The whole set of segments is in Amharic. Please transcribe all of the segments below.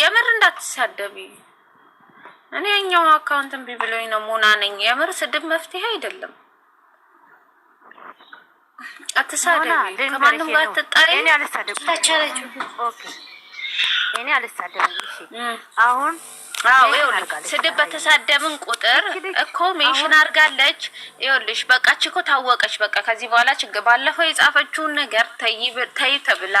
የምር እንዳትሳደቢ። እኔ የኛው አካውንት እምቢ ብሎኝ ነው ሙና ነኝ። የምር ስድብ መፍትሄ አይደለም። አትሳደቢ፣ ከማንም ጋር አትጣይ። እኔ አልሳደብም። እሺ አሁን ስድብ በተሳደብን ቁጥር እኮ ሜንሽን አድርጋለች። ይኸውልሽ በቃች እኮ ታወቀች። በቃ ከዚህ በኋላ ችግር ባለፈው የጻፈችውን ነገር ተይ ተብላ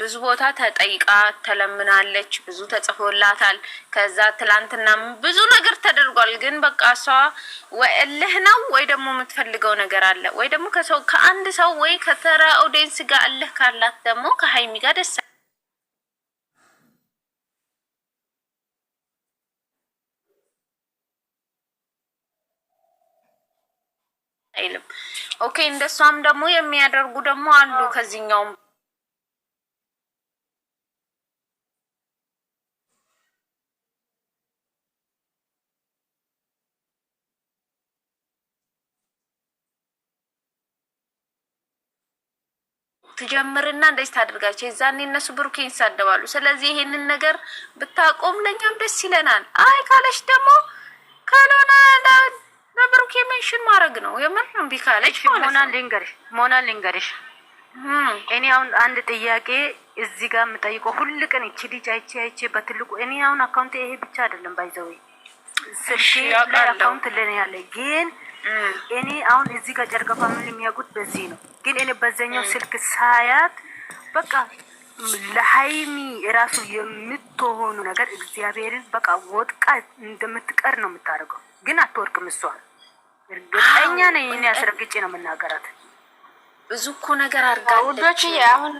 ብዙ ቦታ ተጠይቃ ተለምናለች። ብዙ ተጽፎላታል። ከዛ ትላንትናም ብዙ ነገር ተደርጓል። ግን በቃ እሷ ወይ እልህ ነው ወይ ደግሞ የምትፈልገው ነገር አለ ወይ ደግሞ ከሰው ከአንድ ሰው ወይ ከተራ ኦዲየንስ ጋር እልህ ካላት ደግሞ ከሀይሚ ጋር ደስ ኦኬ። እንደሷም ደግሞ የሚያደርጉ ደግሞ አሉ ከዚህኛውም ትጀምርና እንደዚህ ታደርጋቸው የዛኔ እነሱ ብሩኬን ይሳደባሉ። ስለዚህ ይሄንን ነገር ብታቆም ለኛም ደስ ይለናል። አይ ካለሽ ደግሞ ካልሆነ በብሩኬ ሜንሽን ማድረግ ነው። የምር እምቢ ካለች ሞናል ልንገርሽ ሞናል ልንገርሽ እኔ አሁን አንድ ጥያቄ እዚህ ጋር የምጠይቀው ሁል ቀን እቺ ልጅ አይቼ አይቼ በትልቁ እኔ አሁን አካውንት ይሄ ብቻ አይደለም ባይዘው ስልሽ አካውንት ለኔ ያለ ግን እኔ አሁን እዚህ ጋር ጨርቀፋ ምን የሚያውቁት በዚህ ነው። ግን እኔ በዘኛው ስልክ ሳያት በቃ ለሀይሚ ራሱ የምትሆኑ ነገር እግዚአብሔርን በቃ ወጥቃ እንደምትቀር ነው የምታደርገው። ግን አትወርቅም። እሷ እርግጠኛ ነኝ፣ እኔ አስረግጬ ነው የምናገራት። ብዙ እኮ ነገር አርጋ ወዶች አሁን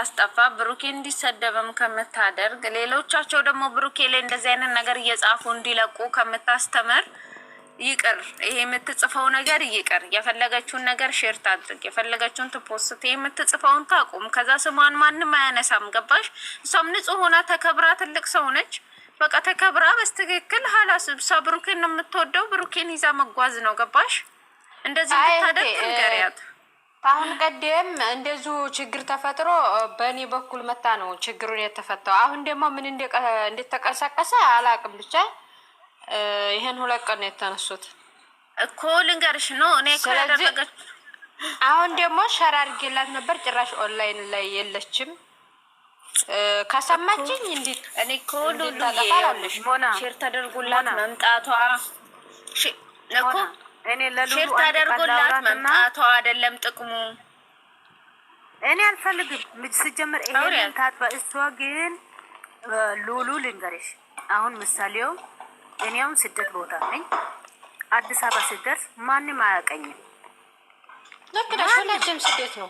ከምታስጠፋ ብሩኬ እንዲሰደብም ከምታደርግ ሌሎቻቸው ደግሞ ብሩኬ ላይ እንደዚህ አይነት ነገር እየጻፉ እንዲለቁ ከምታስተምር ይቅር፣ ይሄ የምትጽፈው ነገር ይቅር። የፈለገችውን ነገር ሼር ታድርግ፣ የፈለገችውን ትፖስት፣ የምትጽፈውን ታቁም። ከዛ ስሟን ማንም አያነሳም። ገባሽ? እሷም ንጹህ ሆና ተከብራ ትልቅ ሰው ነች። በቃ ተከብራ በስትክክል ሀላስ ብሩኬን የምትወደው ብሩኬን ይዛ መጓዝ ነው። ገባሽ? እንደዚህ ታደርግ ንገሪያት። አሁን ቀደም እንደዙ ችግር ተፈጥሮ በእኔ በኩል መታ ነው ችግሩን የተፈታው። አሁን ደግሞ ምን እንደተቀሰቀሰ አላቅም። ብቻ ይሄን ሁለት ቀን ነው የተነሱት እኮ ልንገርሽ ነው እኔ አሁን ደግሞ ሸር አድርጌላት ነበር፣ ጭራሽ ኦንላይን ላይ የለችም። ከሰማችኝ እንዴት እኔ እኮ ሼር ተደርጉላት መምጣቷ እኮ ሼር ታደርጎላት መምጣቷ አይደለም ጥቅሙ። እኔ አልፈልግም ስጀምር ይሄንን ታጥባ። እሷ ግን ሉሉ ልንገርሽ፣ አሁን ምሳሌው እኔውም ስደት ቦታ ነኝ። አዲስ አበባ ስደርስ ማንም አያቀኝም። ልክ ነሽ፣ ሁላችንም ስደት ነው።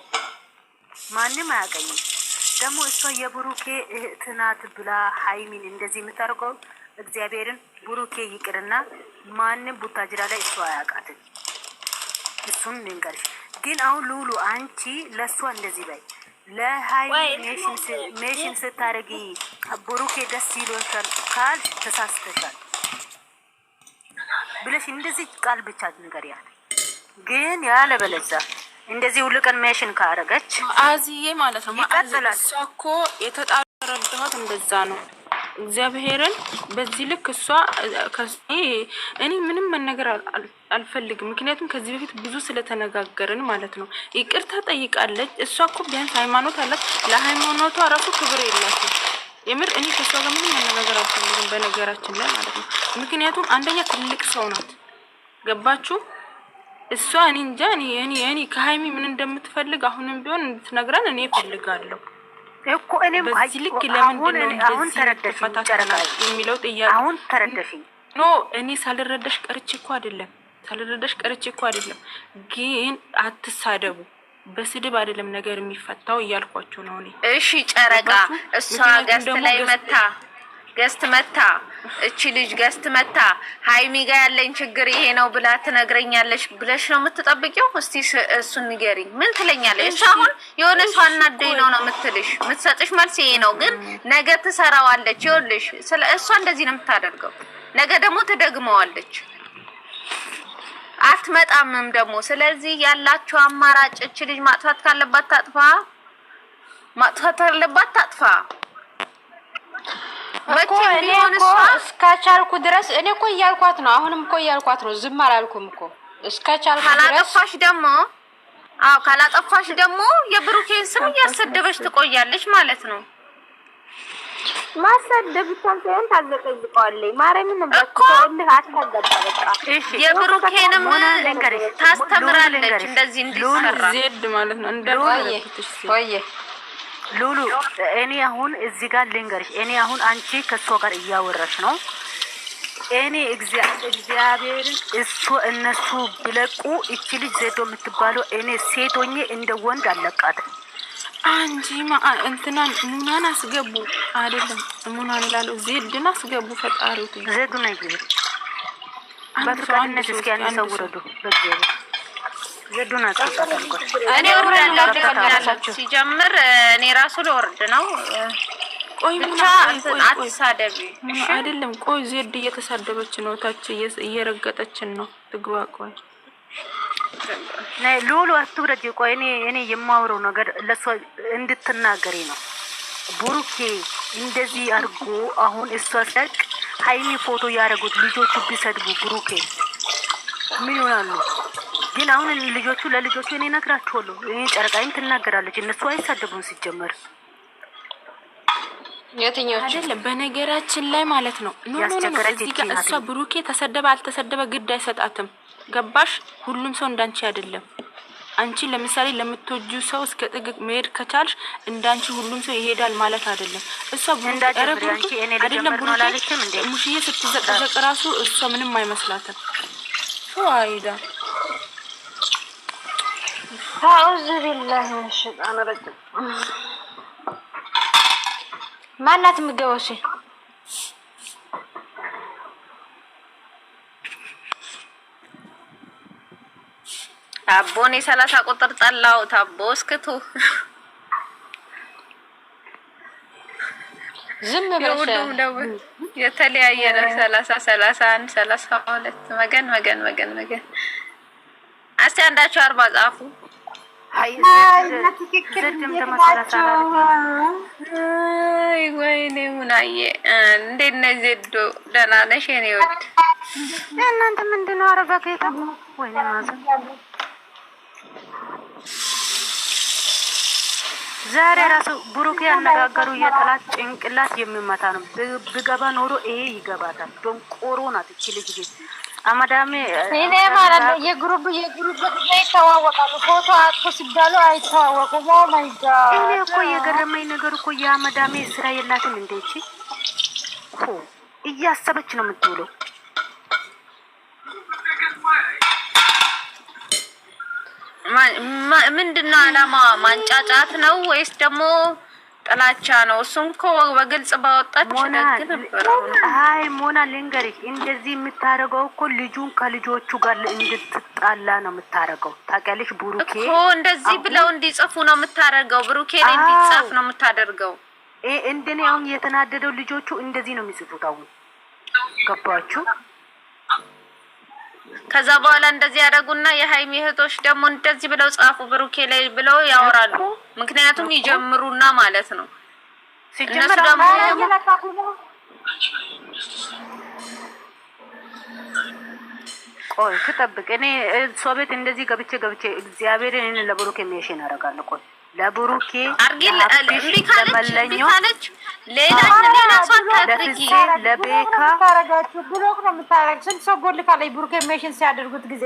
ማንም አያቀኝም። ደግሞ እሷ የብሩኬ እህት ናት ብላ ሀይሚን እንደዚህ የምታደርገው እግዚአብሔርን ቡሩኬ ይቅርና ማንም ቡታጅራ ላይ እሱ አያውቃትም። እሱን ልንገርሽ ግን አሁን ሉሉ አንቺ ለእሷ እንደዚህ በይ ለሀይ ሜሽን ስታደርጊ ቡሩኬ ደስ ይሎሻል ካልሽ ተሳስተሻል ብለሽ እንደዚህ ቃል ብቻ ንገሪያት። ግን ያለ በለዛ እንደዚህ ሁሉ ቀን ሜሽን ካረገች አዚዬ ማለት ነው። ይቀጥላል እሷ እኮ የተጣረረብት እንደዛ ነው። እግዚአብሔርን በዚህ ልክ እሷ እኔ ምንም መነገር አልፈልግም። ምክንያቱም ከዚህ በፊት ብዙ ስለተነጋገርን ማለት ነው። ይቅርታ ጠይቃለች። እሷ እኮ ቢያንስ ሃይማኖት አላት። ለሃይማኖቷ ራሱ ክብር የላትም። የምር እኔ ከእሷ ጋር ምንም መነጋገር አልፈልግም፣ በነገራችን ላይ ማለት ነው። ምክንያቱም አንደኛ ትልቅ ሰው ናት። ገባችሁ? እሷ እኔ እንጃ እኔ ከሀይሚ ምን እንደምትፈልግ አሁንም ቢሆን እንድትነግረን እኔ እፈልጋለሁ። እኮ እኔም ልክ ለምንድን ነው የሚለው ጥያቄ አሁን ተረደሽኝ። ኖ እኔ ሳልረዳሽ ቀርቼ እኮ አይደለም፣ ሳልረዳሽ ቀርቼ እኮ አይደለም። ግን አትሳደቡ፣ በስድብ አይደለም ነገር የሚፈታው እያልኳቸው ነው እኔ። እሺ ጨረቃ እሷ ገስት ላይ መታ ገስት መታ እቺ ልጅ ገስት መታ ሀይሚ ጋ ያለኝ ችግር ይሄ ነው ብላ ትነግረኛለች ብለሽ ነው የምትጠብቂው? እስቲ እሱን ንገሪ ምን ትለኛለች? እሱ አሁን የሆነ ሰው አናደኝ ነው ነው የምትልሽ፣ የምትሰጥሽ መልስ ይሄ ነው። ግን ነገ ትሰራዋለች። ይኸውልሽ ስለ እሷ እንደዚህ ነው የምታደርገው። ነገ ደግሞ ትደግመዋለች፣ አትመጣምም ደግሞ። ስለዚህ ያላችሁ አማራጭ እቺ ልጅ ማጥፋት ካለባት ታጥፋ፣ ማጥፋት ካለባት ታጥፋ። እስከቻልኩ ድረስ እኔ እኮ እያልኳት ነው። አሁንም እኮ እያልኳት ነው። ዝም አላልኩም እኮ እስከቻልኩ ድረስ ካላጠፋሽ ደግሞ አዎ፣ ካላጠፋሽ ደግሞ የብሩኬን ስም እያሰደበች ትቆያለች ማለት ነው። ማሰደብ ብቻ ሳይሆን ታዘቀዝቀዋለች። ማርያምን እኮ የብሩኬንም ታስተምራለች እንደዚህ እንዲሰራ ዜድ ማለት ነው እንደ ሉሉ እኔ አሁን እዚህ ጋር ልንገርሽ፣ እኔ አሁን አንቺ ከእሷ ጋር እያወራሽ ነው። እኔ እግዚአብሔር እሱ እነሱ ብለቁ እቺ ልጅ ዜዶ የምትባለው እኔ ሴቶኜ እንደ ወንድ አለቃት አንቺ ማ እንትናን ሙናን አስገቡ። አይደለም ሙናን ላለው ዜድን አስገቡ። ፈጣሪው ዜዱን አይግዜ በፍቃድነት እስኪ አንድ ሰው በእግዚአብሔር እኔ ሲጀምር እኔ ራሱ ልወርድ ነው። ቆይ ብቻ አይደለም። ቆይ ዜድ እየተሳደበች ነው፣ ታች እየረገጠችን ነው። ትግባ ቆይ ሉሉ አትውረጅ። ቆይ እኔ እኔ የማውረው ነገር ለእሷ እንድትናገሪ ነው። ቡሩኬ እንደዚህ አድርጎ አሁን እሷ ሀይሚ ፎቶ ያደረጉት ልጆቹ ቢሰድቡ ቡሩኬ ምን ይሆናሉ? ግን አሁን ልጆቹ ለልጆቹ እኔ እነግራችኋለሁ። እኔ ጨረቃይም ትናገራለች። እነሱ አይሳደቡም ሲጀመር የትኛዎች አይደለም። በነገራችን ላይ ማለት ነው ኖ እዚህ ጋር እሷ ብሩኬ ተሰደበ አልተሰደበ ግድ አይሰጣትም። ገባሽ? ሁሉም ሰው እንዳንቺ አይደለም። አንቺ ለምሳሌ ለምትወጁ ሰው እስከ ጥግ መሄድ ከቻልሽ እንዳንቺ ሁሉም ሰው ይሄዳል ማለት አይደለም። እሷ አይደለም ብሩኬ ሙሽዬ ስትዘቀዘቅ ራሱ እሷ ምንም አይመስላትም ሰው አይዳ አዑዙ ቢላሂ ሚነ ሸይጣን ረጅም። ማናት የምትገባው? ታቦ እኔ ሰላሳ ቁጥር ጠላው። ታቦ እስክቱ ዝም ብለሽ የተለያየ ነው። ሰላሳ ሰላሳ አንድ ሰላሳ ሁለት መገን መገን መገን መገን። እስቲ አንዳችሁ አርባ ጻፉ። ወይኔ ሙናዬ እንዴት ነሽ? ዜዶ ደህና ነሽ? የእኔ ወድ እናንተ ምንድን ነው? ኧረ በጌታ ወይኔ ማዘን ዛሬ ራሱ ብሩክ ያነጋገሩ የጠላት ጭንቅላት የሚመታ ነው። ብገባ ኖሮ ይሄ ይገባታል። ደንቆሮ ናት እቺ ልጅ። አማዳሜ እኔ ማለት ነው የግሩብ የግሩብ ጊዜ ይተዋወቃሉ። ፎቶ ሲባሉ አይተዋወቁም። እኔ እኮ የገረመኝ ነገር እኮ የአማዳሜ ስራ የላትም እንዴች እያሰበች ነው የምትውለው። ምንድነው አላማ? ማንጫጫት ነው ወይስ ደግሞ ጥላቻ ነው። እሱም እኮ በግልጽ ባወጣች ደግ ነበር። አይ ሞና ልንገርሽ፣ እንደዚህ የምታደርገው እኮ ልጁን ከልጆቹ ጋር እንድትጣላ ነው የምታደርገው። ታውቂያለሽ ብሩኬ እኮ እንደዚህ ብለው እንዲጽፉ ነው የምታደርገው። ብሩኬን እንዲጻፍ ነው የምታደርገው። እንደኔ አሁን የተናደደው ልጆቹ እንደዚህ ነው የሚጽፉት። አሁን ገባችሁ? ከዛ በኋላ እንደዚህ ያደረጉና የሀይሚ እህቶች ደግሞ እንደዚህ ብለው ጻፉ ብሩኬ ላይ ብለው ያወራሉ። ምክንያቱም ይጀምሩና ማለት ነው እነሱ ደግሞ ቆይ ትጠብቅ። እኔ እሷ ቤት እንደዚህ ገብቼ ገብቼ እግዚአብሔርን ለብሩኬ የሚያሸን አደርጋለሁ። ቆይ ለብሩኬ ለመለኞች ለቤካ ታረጋችሁ ብሎክ ነው የምታረግ። ስንት ሰው ጎል ካለኝ ብሩኬ ሜሽን ሲያደርጉት ጊዜ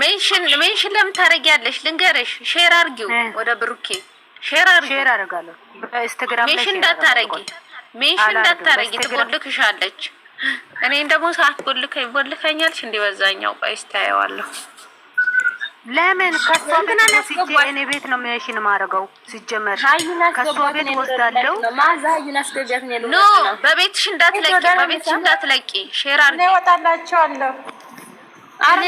ሜሽን ሜሽን ለምን ታደርጊያለሽ? ልንገርሽ፣ ሼር አድርጊው ወደ ብሩኬ ሼር ሼር አድርጋለሁ። ሜንሽን እንዳታረጊ፣ ሜንሽን እንዳታረጊ ትጎልክሻለች። እኔ ደግሞ ሰዓት ጎልከኝ ጎልከኛልሽ እንዲበዛኛው ቆይ እስኪ ታየዋለሁ ለምን ከሷ ቤት ወስጄ እኔ ቤት ነው መሽን ማረገው? ሲጀመር ከሷ ቤት ወስዳለው። ማዛ ሀዩን አስገቢያት ነው። ኖ በቤትሽ እንዳትለቂ፣ በቤትሽ እንዳትለቂ። ሼር አድርጊ። እኔ ወጣላችኋለሁ። አሬ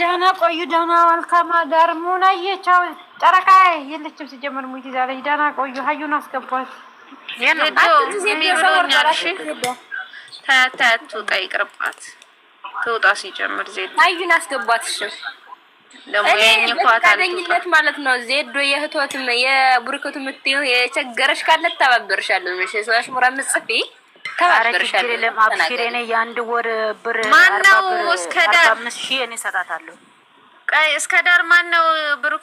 ደህና ቆዩ፣ ደህና ዋልካማ ዳርሙን አየቻው። ጨረቃ የለችም ሲጀመር ሙት ትይዛለች። ደህና ቆዩ፣ ሀዩን አስገቧት። ታያታያቱ ጠይቅርባት ትውጣ ሲጀምር ዜድ ሀዩን አስገቧት። እሺ በፈቃደኝነት ማለት ነው። ዜዶ የእህቶትም የቡርክቱም እትዬው የቸገረሽ ካለ ተባብርሻለሁ። ሰዎች ሙራ ምጽፊ ተባብርሻለሁ። አብሽር፣ እኔ የአንድ ወር ብር ማነው እስከ ዳር እኔ እሰጣታለሁ። እስከ ዳር ማነው ብሩክ